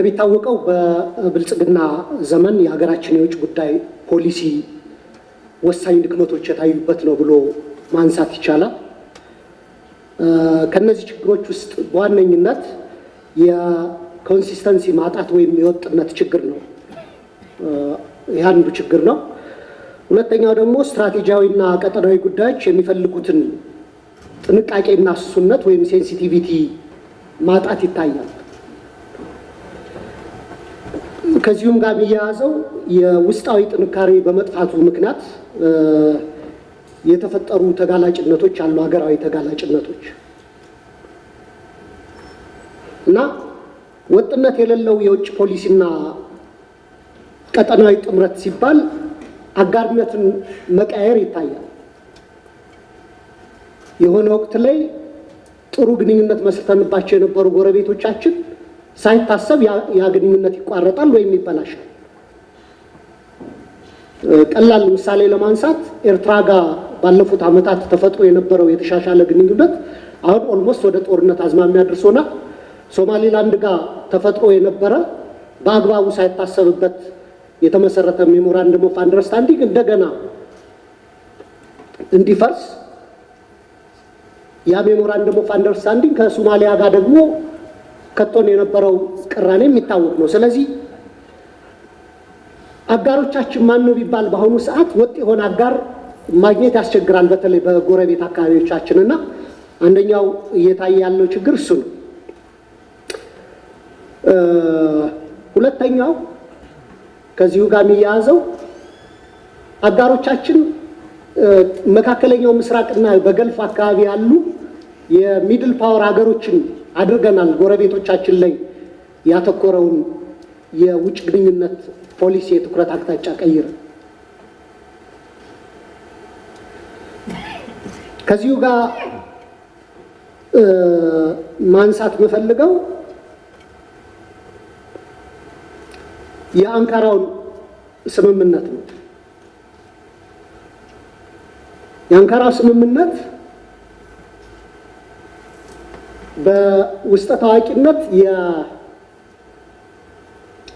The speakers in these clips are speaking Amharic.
እንደሚታወቀው በብልጽግና ዘመን የሀገራችን የውጭ ጉዳይ ፖሊሲ ወሳኝ ድክመቶች የታዩበት ነው ብሎ ማንሳት ይቻላል። ከነዚህ ችግሮች ውስጥ በዋነኝነት የኮንሲስተንሲ ማጣት ወይም የወጥነት ችግር ነው። ይህ አንዱ ችግር ነው። ሁለተኛው ደግሞ ስትራቴጂያዊና ቀጠናዊ ጉዳዮች የሚፈልጉትን ጥንቃቄና ስሱነት ወይም ሴንሲቲቪቲ ማጣት ይታያል። ከዚሁም ጋር የሚያያዘው የውስጣዊ ጥንካሬ በመጥፋቱ ምክንያት የተፈጠሩ ተጋላጭነቶች አሉ፣ ሀገራዊ ተጋላጭነቶች እና ወጥነት የሌለው የውጭ ፖሊሲና ቀጠናዊ ጥምረት ሲባል አጋርነትን መቀየር ይታያል። የሆነ ወቅት ላይ ጥሩ ግንኙነት መስርተንባቸው የነበሩ ጎረቤቶቻችን ሳይታሰብ ያ ግንኙነት ይቋረጣል ወይም ይበላሻል። ቀላል ምሳሌ ለማንሳት ኤርትራ ጋር ባለፉት ዓመታት ተፈጥሮ የነበረው የተሻሻለ ግንኙነት አሁን ኦልሞስት ወደ ጦርነት አዝማሚያ ደርሶና ሶማሊላንድ ጋር ተፈጥሮ የነበረ በአግባቡ ሳይታሰብበት የተመሰረተ ሜሞራንደም ኦፍ አንደርስታንዲንግ እንደገና እንዲፈርስ ያ ሜሞራንደም ኦፍ አንደርስታንዲንግ ከሶማሊያ ጋር ደግሞ ከቶን የነበረው ቅራኔ የሚታወቅ ነው። ስለዚህ አጋሮቻችን ማን ነው ቢባል በአሁኑ ሰዓት ወጥ የሆነ አጋር ማግኘት ያስቸግራል። በተለይ በጎረቤት አካባቢዎቻችን እና አንደኛው እየታየ ያለው ችግር እሱ ነው። ሁለተኛው ከዚሁ ጋር የሚያያዘው አጋሮቻችን መካከለኛው ምስራቅና በገልፍ አካባቢ ያሉ የሚድል ፓወር ሀገሮችን አድርገናል። ጎረቤቶቻችን ላይ ያተኮረውን የውጭ ግንኙነት ፖሊሲ የትኩረት አቅጣጫ ቀይረ ከዚሁ ጋር ማንሳት የምፈልገው የአንካራውን ስምምነት ነው። የአንካራ ስምምነት በውስጠ ታዋቂነት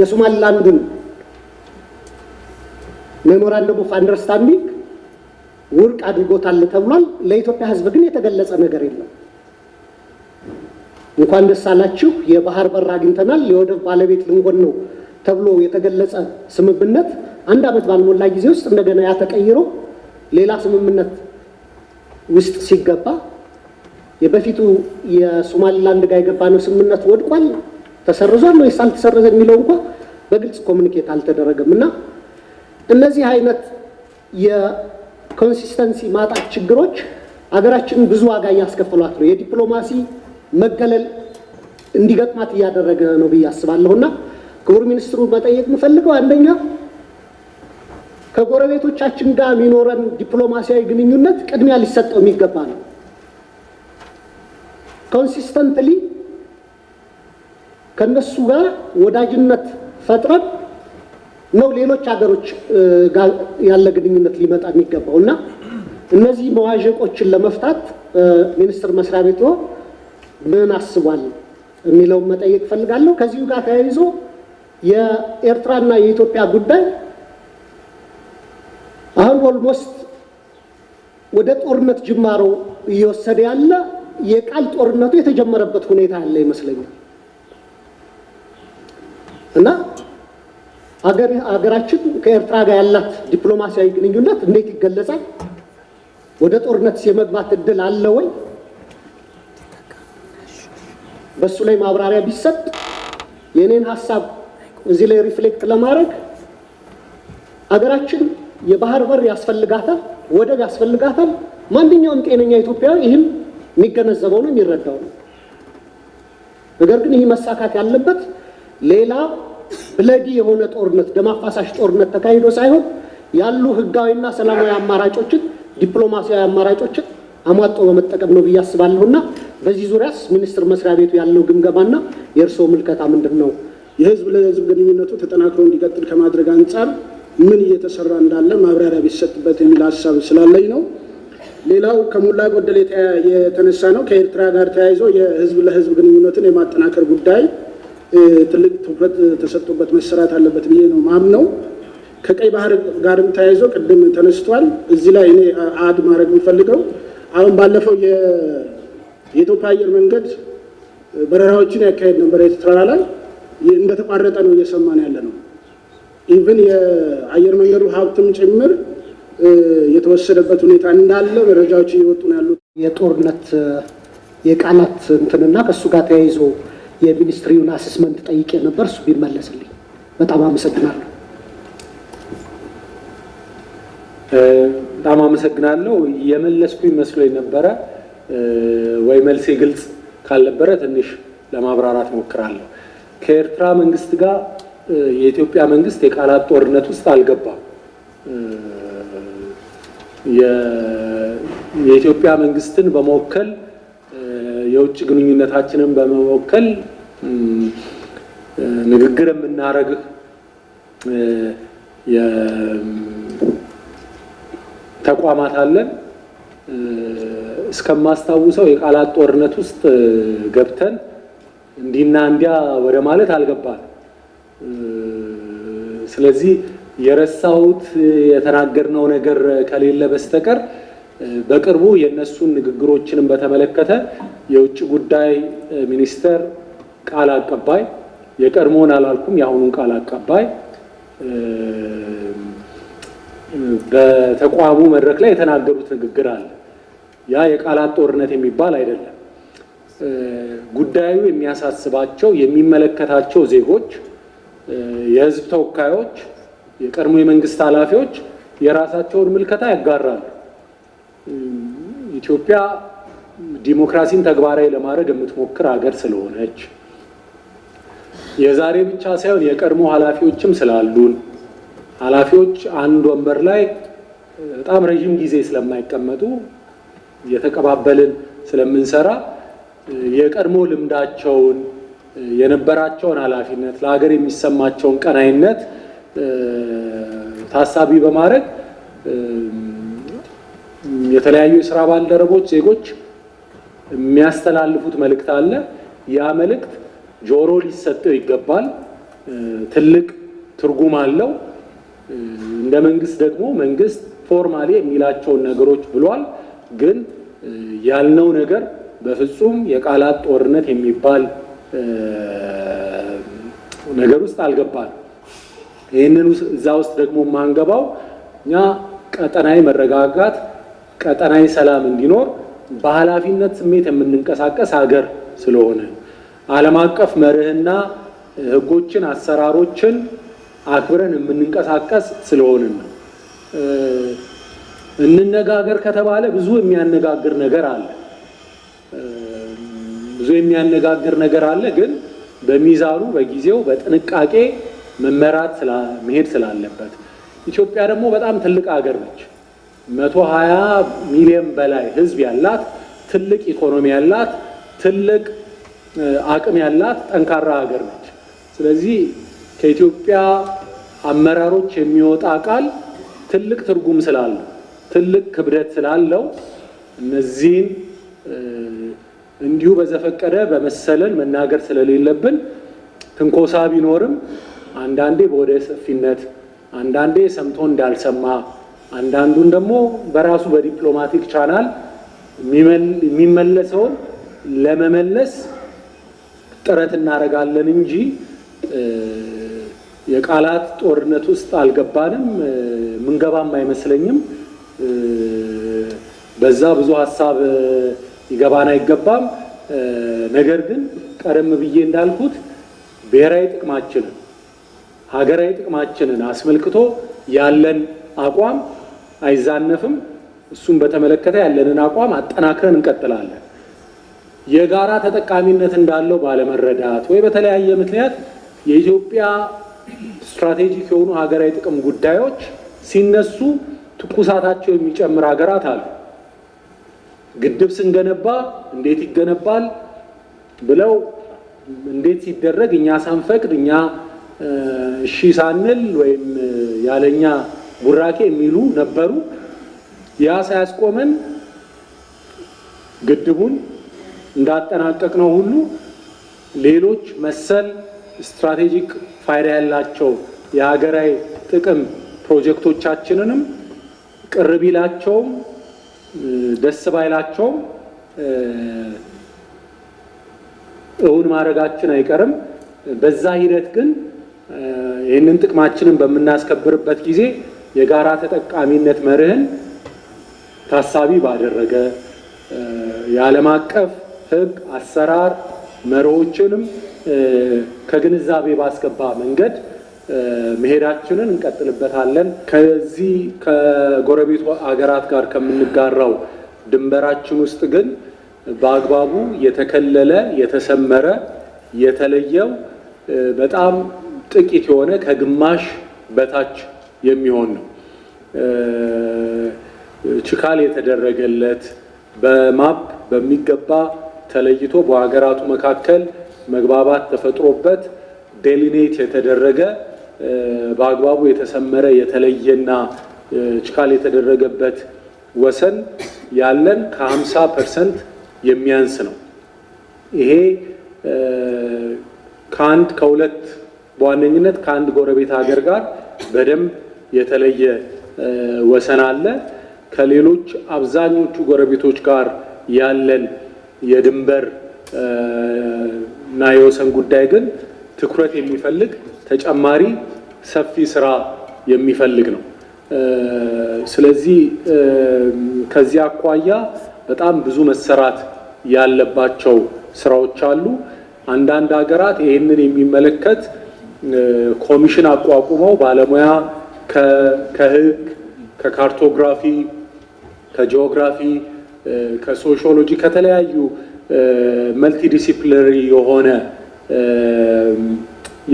የሶማሊላንድን ሜሞራንደም ኦፍ አንደርስታንዲንግ ውድቅ አድርጎታል ተብሏል። ለኢትዮጵያ ሕዝብ ግን የተገለጸ ነገር የለም። እንኳን ደስ አላችሁ የባህር በር አግኝተናል የወደብ ባለቤት ልንሆን ነው ተብሎ የተገለጸ ስምምነት አንድ ዓመት ባልሞላ ጊዜ ውስጥ እንደገና ያ ተቀይሮ ሌላ ስምምነት ውስጥ ሲገባ የበፊቱ የሶማሊላንድ ጋር የገባነው ስምምነት ወድቋል፣ ተሰርዟል ወይስ አልተሰረዘ የሚለው እንኳ በግልጽ ኮሚኒኬት አልተደረገም እና እነዚህ አይነት የኮንሲስተንሲ ማጣት ችግሮች ሀገራችንን ብዙ ዋጋ እያስከፈሏት ነው። የዲፕሎማሲ መገለል እንዲገጥማት እያደረገ ነው ብዬ አስባለሁ እና ክቡር ሚኒስትሩ መጠየቅ የምፈልገው አንደኛ ከጎረቤቶቻችን ጋር የሚኖረን ዲፕሎማሲያዊ ግንኙነት ቅድሚያ ሊሰጠው የሚገባ ነው። ኮንሲስተንትሊ ከነሱ ጋር ወዳጅነት ፈጥረን ነው ሌሎች ሀገሮች ጋር ያለ ግንኙነት ሊመጣ የሚገባው እና እነዚህ መዋዠቆችን ለመፍታት ሚኒስቴር መስሪያ ቤቶ ምን አስቧል የሚለውን መጠየቅ ፈልጋለሁ። ከዚሁ ጋር ተያይዞ የኤርትራና የኢትዮጵያ ጉዳይ አሁን ኦልሞስት ወደ ጦርነት ጅማሮ እየወሰደ ያለ የቃል ጦርነቱ የተጀመረበት ሁኔታ ያለ ይመስለኛል እና ሀገራችን ከኤርትራ ጋር ያላት ዲፕሎማሲያዊ ግንኙነት እንዴት ይገለጻል? ወደ ጦርነት የመግባት እድል አለ ወይ? በእሱ ላይ ማብራሪያ ቢሰጥ የእኔን ሀሳብ እዚህ ላይ ሪፍሌክት ለማድረግ ሀገራችን የባህር በር ያስፈልጋታል፣ ወደብ ያስፈልጋታል። ማንኛውም ጤነኛ ኢትዮጵያዊ ይህም የሚገነዘበው ነው የሚረዳው ነው። ነገር ግን ይህ መሳካት ያለበት ሌላ ብለዲ የሆነ ጦርነት፣ ደም አፋሳሽ ጦርነት ተካሂዶ ሳይሆን ያሉ ህጋዊና ሰላማዊ አማራጮችን፣ ዲፕሎማሲያዊ አማራጮችን አሟጦ በመጠቀም ነው ብዬ አስባለሁና በዚህ ዙሪያስ ሚኒስቴር መስሪያ ቤቱ ያለው ግምገማና የእርስዎ ምልከታ ምንድን ነው? የህዝብ ለህዝብ ግንኙነቱ ተጠናክሮ እንዲቀጥል ከማድረግ አንጻር ምን እየተሰራ እንዳለ ማብራሪያ ቢሰጥበት የሚል ሀሳብ ስላለኝ ነው። ሌላው ከሞላ ጎደል የተነሳ ነው። ከኤርትራ ጋር ተያይዞ የህዝብ ለህዝብ ግንኙነትን የማጠናከር ጉዳይ ትልቅ ትኩረት ተሰጥቶበት መሰራት አለበት ብዬ ነው ማምነው። ከቀይ ባህር ጋርም ተያይዞ ቅድም ተነስቷል። እዚህ ላይ እኔ አድ ማድረግ የምፈልገው አሁን ባለፈው የኢትዮጵያ አየር መንገድ በረራዎችን ያካሄድ ነበር ኤርትራ ላይ እንደተቋረጠ ነው እየሰማን ያለ ነው። ኢቨን የአየር መንገዱ ሀብትም ጭምር የተወሰደበት ሁኔታ እንዳለ መረጃዎች እየወጡ ነው ያሉት። የጦርነት የቃላት እንትንና ከእሱ ጋር ተያይዞ የሚኒስትሪውን አሴስመንት ጠይቄ ነበር። እሱ ቢመለስልኝ በጣም አመሰግናለሁ። በጣም አመሰግናለሁ። የመለስኩኝ መስሎኝ ነበረ ወይ መልሴ ግልጽ ካልነበረ ትንሽ ለማብራራት ሞክራለሁ። ከኤርትራ መንግስት ጋር የኢትዮጵያ መንግስት የቃላት ጦርነት ውስጥ አልገባም። የኢትዮጵያ መንግስትን በመወከል የውጭ ግንኙነታችንን በመወከል ንግግር የምናደርግ ተቋማት አለን። እስከማስታውሰው የቃላት ጦርነት ውስጥ ገብተን እንዲና እንዲያ ወደ ማለት አልገባል። ስለዚህ የረሳሁት የተናገርነው ነገር ከሌለ በስተቀር በቅርቡ የእነሱን ንግግሮችንም በተመለከተ የውጭ ጉዳይ ሚኒስተር ቃል አቀባይ የቀድሞውን አላልኩም የአሁኑን ቃል አቀባይ በተቋሙ መድረክ ላይ የተናገሩት ንግግር አለ። ያ የቃላት ጦርነት የሚባል አይደለም። ጉዳዩ የሚያሳስባቸው የሚመለከታቸው ዜጎች፣ የህዝብ ተወካዮች የቀድሞ የመንግስት ኃላፊዎች የራሳቸውን ምልከታ ያጋራሉ። ኢትዮጵያ ዲሞክራሲን ተግባራዊ ለማድረግ የምትሞክር ሀገር ስለሆነች የዛሬ ብቻ ሳይሆን የቀድሞ ኃላፊዎችም ስላሉን ኃላፊዎች አንድ ወንበር ላይ በጣም ረዥም ጊዜ ስለማይቀመጡ እየተቀባበልን ስለምንሰራ የቀድሞ ልምዳቸውን የነበራቸውን ኃላፊነት ለሀገር የሚሰማቸውን ቀናይነት ታሳቢ በማድረግ የተለያዩ የስራ ባልደረቦች ዜጎች የሚያስተላልፉት መልእክት አለ። ያ መልእክት ጆሮ ሊሰጠው ይገባል። ትልቅ ትርጉም አለው። እንደ መንግስት ደግሞ መንግስት ፎርማሊ የሚላቸውን ነገሮች ብሏል። ግን ያልነው ነገር በፍጹም የቃላት ጦርነት የሚባል ነገር ውስጥ አልገባል። ይህንን እዛ ውስጥ ደግሞ የማንገባው እኛ ቀጠናዊ መረጋጋት፣ ቀጠናዊ ሰላም እንዲኖር በኃላፊነት ስሜት የምንንቀሳቀስ ሀገር ስለሆነ ዓለም አቀፍ መርህና ህጎችን፣ አሰራሮችን አክብረን የምንንቀሳቀስ ስለሆንን ነው። እንነጋገር ከተባለ ብዙ የሚያነጋግር ነገር አለ። ብዙ የሚያነጋግር ነገር አለ፣ ግን በሚዛኑ በጊዜው በጥንቃቄ መመራት መሄድ ስላለበት ኢትዮጵያ ደግሞ በጣም ትልቅ ሀገር ነች። መቶ ሀያ ሚሊዮን በላይ ህዝብ ያላት ትልቅ ኢኮኖሚ ያላት ትልቅ አቅም ያላት ጠንካራ ሀገር ነች። ስለዚህ ከኢትዮጵያ አመራሮች የሚወጣ ቃል ትልቅ ትርጉም ስላለው ትልቅ ክብደት ስላለው እነዚህን እንዲሁ በዘፈቀደ በመሰለን መናገር ስለሌለብን ትንኮሳ ቢኖርም አንዳንዴ በወደ ሰፊነት፣ አንዳንዴ ሰምቶ እንዳልሰማ፣ አንዳንዱን ደግሞ በራሱ በዲፕሎማቲክ ቻናል የሚመለሰውን ለመመለስ ጥረት እናደርጋለን እንጂ የቃላት ጦርነት ውስጥ አልገባንም፣ ምንገባም አይመስለኝም። በዛ ብዙ ሀሳብ ይገባን አይገባም። ነገር ግን ቀደም ብዬ እንዳልኩት ብሔራዊ ጥቅማችንን ሀገራዊ ጥቅማችንን አስመልክቶ ያለን አቋም አይዛነፍም። እሱም በተመለከተ ያለንን አቋም አጠናክረን እንቀጥላለን። የጋራ ተጠቃሚነት እንዳለው ባለመረዳት ወይ በተለያየ ምክንያት የኢትዮጵያ ስትራቴጂክ የሆኑ ሀገራዊ ጥቅም ጉዳዮች ሲነሱ ትኩሳታቸው የሚጨምር ሀገራት አሉ። ግድብ ስንገነባ እንዴት ይገነባል ብለው እንዴት ሲደረግ እኛ ሳንፈቅድ እኛ እሺ ሳንል ወይም ያለኛ ቡራኬ የሚሉ ነበሩ። ያ ሳያስቆመን ግድቡን እንዳጠናቀቅ ነው ሁሉ ሌሎች መሰል ስትራቴጂክ ፋይዳ ያላቸው የሀገራዊ ጥቅም ፕሮጀክቶቻችንንም ቅር ቢላቸውም ደስ ባይላቸውም እውን ማድረጋችን አይቀርም። በዛ ሂደት ግን ይህንን ጥቅማችንን በምናስከብርበት ጊዜ የጋራ ተጠቃሚነት መርህን ታሳቢ ባደረገ የዓለም አቀፍ ሕግ አሰራር መርሆችንም ከግንዛቤ ባስገባ መንገድ መሄዳችንን እንቀጥልበታለን። ከዚህ ከጎረቤት አገራት ጋር ከምንጋራው ድንበራችን ውስጥ ግን በአግባቡ የተከለለ የተሰመረ የተለየው በጣም ጥቂት የሆነ ከግማሽ በታች የሚሆን ነው። ችካል የተደረገለት በማፕ በሚገባ ተለይቶ በሀገራቱ መካከል መግባባት ተፈጥሮበት ዴሊኔት የተደረገ በአግባቡ የተሰመረ የተለየና ችካል የተደረገበት ወሰን ያለን ከ50 ፐርሰንት የሚያንስ ነው። ይሄ ከአንድ ከሁለት በዋነኝነት ከአንድ ጎረቤት ሀገር ጋር በደንብ የተለየ ወሰን አለ። ከሌሎች አብዛኞቹ ጎረቤቶች ጋር ያለን የድንበር እና የወሰን ጉዳይ ግን ትኩረት የሚፈልግ ተጨማሪ ሰፊ ስራ የሚፈልግ ነው። ስለዚህ ከዚህ አኳያ በጣም ብዙ መሰራት ያለባቸው ስራዎች አሉ። አንዳንድ ሀገራት ይህንን የሚመለከት ኮሚሽን አቋቁመው ባለሙያ ከህግ ከካርቶግራፊ፣ ከጂኦግራፊ፣ ከሶሽሎጂ ከተለያዩ መልቲዲሲፕሊነሪ የሆነ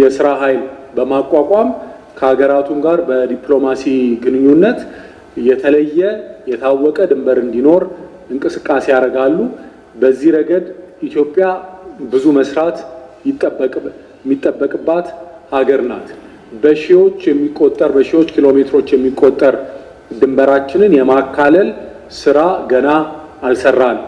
የስራ ኃይል በማቋቋም ከሀገራቱም ጋር በዲፕሎማሲ ግንኙነት የተለየ የታወቀ ድንበር እንዲኖር እንቅስቃሴ ያደርጋሉ። በዚህ ረገድ ኢትዮጵያ ብዙ መስራት የሚጠበቅባት ሀገር ናት። በሺዎች የሚቆጠር በሺዎች ኪሎ ሜትሮች የሚቆጠር ድንበራችንን የማካለል ስራ ገና አልሰራን።